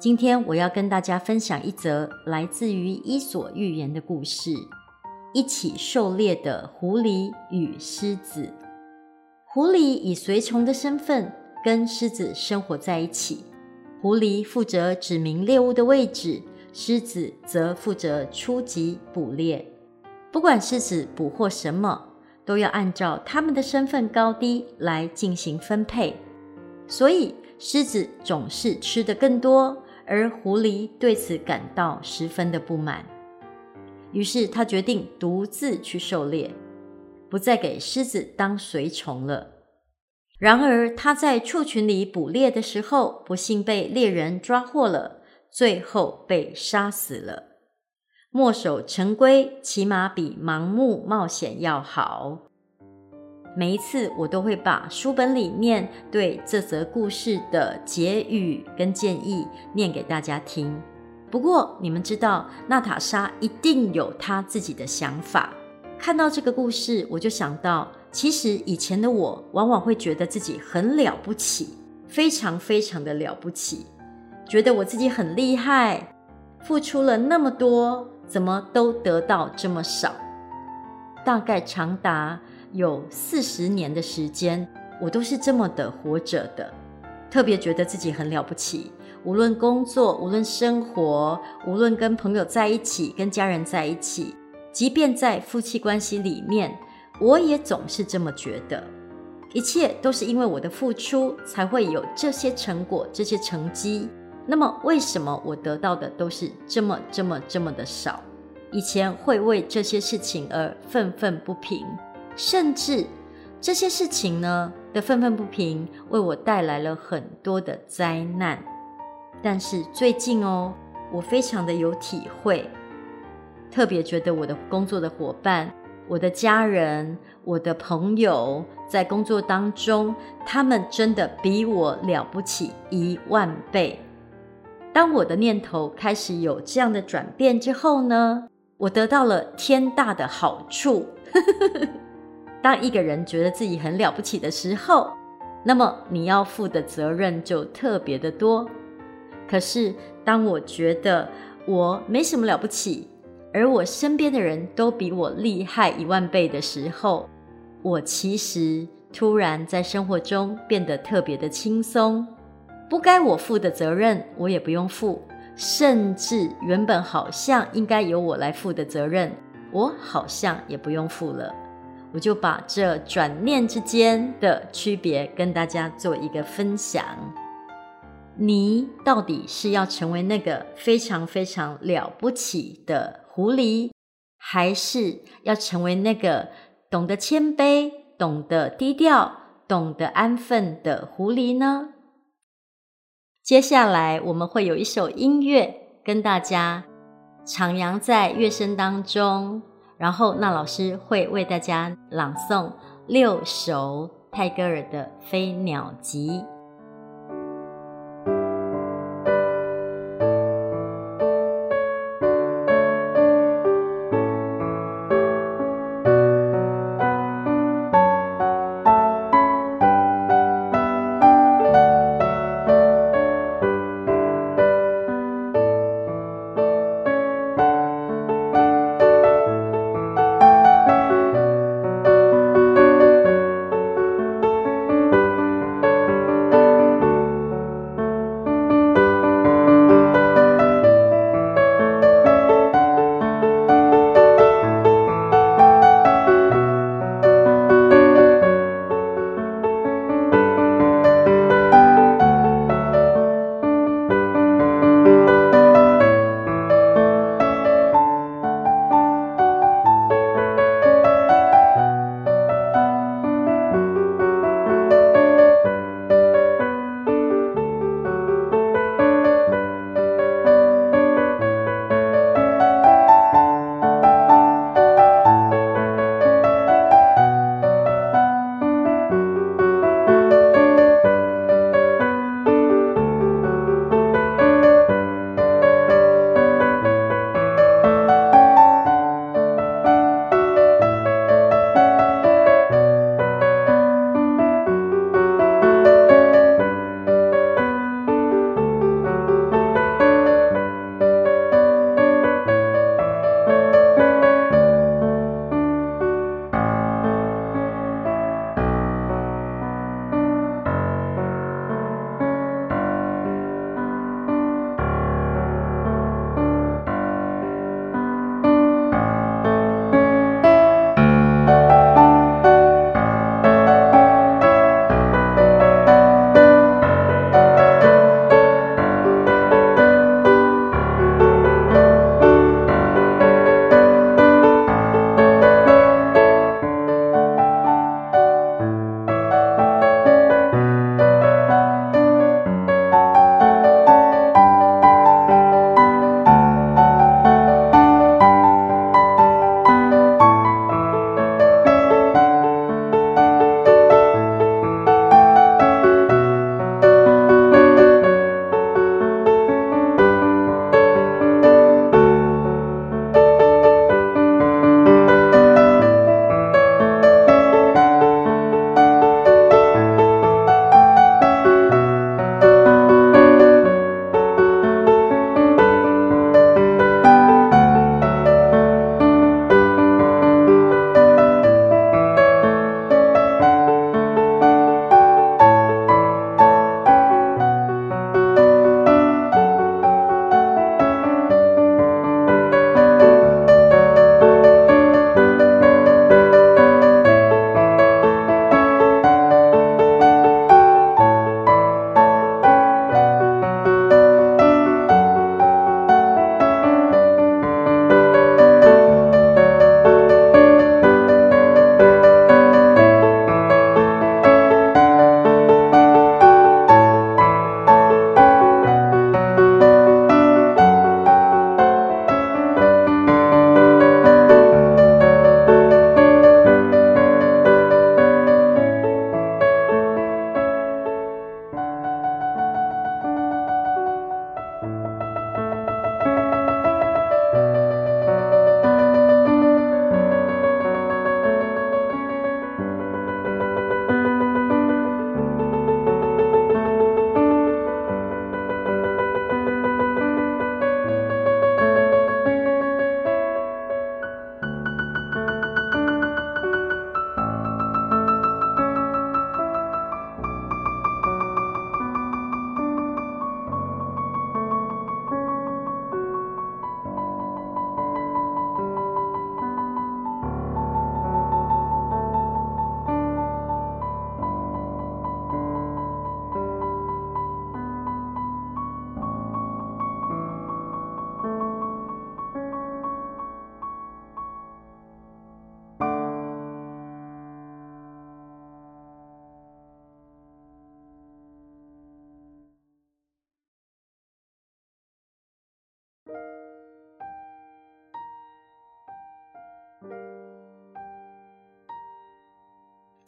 今天我要跟大家分享一則來自於《伊索寓言》的故事——一起狩獵的狐狸與獅子。狐狸以隨從的身份跟獅子生活在一起，狐狸負責指明獵物的位置，獅子則負責出擊捕獵。不管獅子捕獲什麼，都要按照他們的身份高低來進行分配，所以獅子總是吃得更多。而狐狸對此感到十分的不滿，於是他決定獨自去狩獵，不再給獅子當隨從了。然而他在畜群裡捕獵的時候，不幸被獵人抓獲了，最後被殺死了。墨守成規，起碼比盲目冒險要好。每一次我都會把書本裡面對這則故事的結語跟建議念給大家聽。不過你們知道，娜塔莎一定有她自己的想法。看到這個故事，我就想到，其實以前的我往往會覺得自己很了不起，非常非常的了不起，覺得我自己很厲害，付出了那麼多，怎麼都得到這麼少？大概長達。有四十年的時間，我都是這麼的活着的，特別覺得自己很了不起。無論工作，無論生活，無論跟朋友在一起，跟家人在一起，即便在夫妻關係裡面，我也總是這麼覺得。一切都是因為我的付出，才會有這些成果、這些成績。那麼，為什麼我得到的都是這麼、這麼、這麼的少？以前會為這些事情而憤憤不平。甚至這些事情呢的憤憤不平，為我帶來了很多的災難。但是最近哦，我非常的有體會，特別覺得我的工作的夥伴、我的家人、我的朋友，在工作當中，他們真的比我了不起一萬倍。當我的念頭開始有這樣的轉變之後呢，我得到了天大的好處。 當一個人覺得自己很了不起的時候，那麼你要負的責任就特別的多。可是，當我覺得我沒什麼了不起，而我身邊的人都比我厲害一萬倍的時候，我其實突然在生活中變得特別的輕鬆。不該我負的責任，我也不用負，甚至原本好像應該由我來負的責任，我好像也不用負了。我就把這轉念之間的區別跟大家做一個分享。你到底是要成為那個非常非常了不起的狐狸，還是要成為那個懂得謙卑、懂得低調、懂得安分的狐狸呢？接下來我們會有一首音樂跟大家徜徉在樂聲當中。然後，那老師會為大家朗誦六首泰戈爾的《飛鳥集》。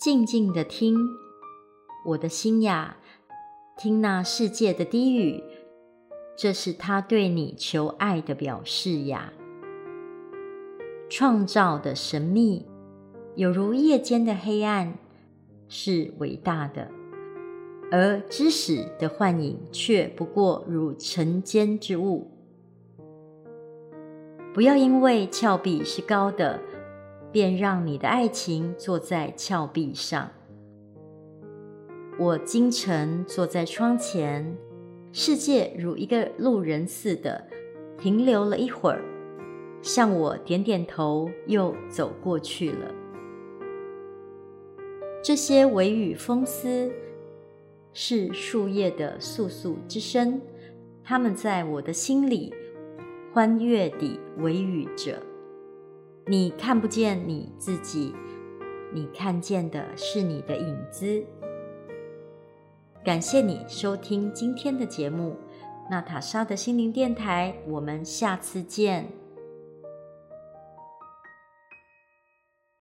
靜靜地聽，我的心呀，聽那世界的低語，這是他對你求愛的表示呀。創造的神秘，有如夜間的黑暗，是偉大的；而知識的幻影，卻不過如晨間之霧。不要因為峭壁是高的，便讓你的愛情坐在峭壁上。我今晨坐在窗前，世界如一個路人似的停留了一會兒，向我點點頭，又走過去了。這些微雨風絲，是樹葉的簌簌之聲，它們在我的心裡歡悅地微語著。你看不見你自己，你看見的是你的影子。感謝你收聽今天的節目，《娜塔莎的心靈電台》，我們下次見。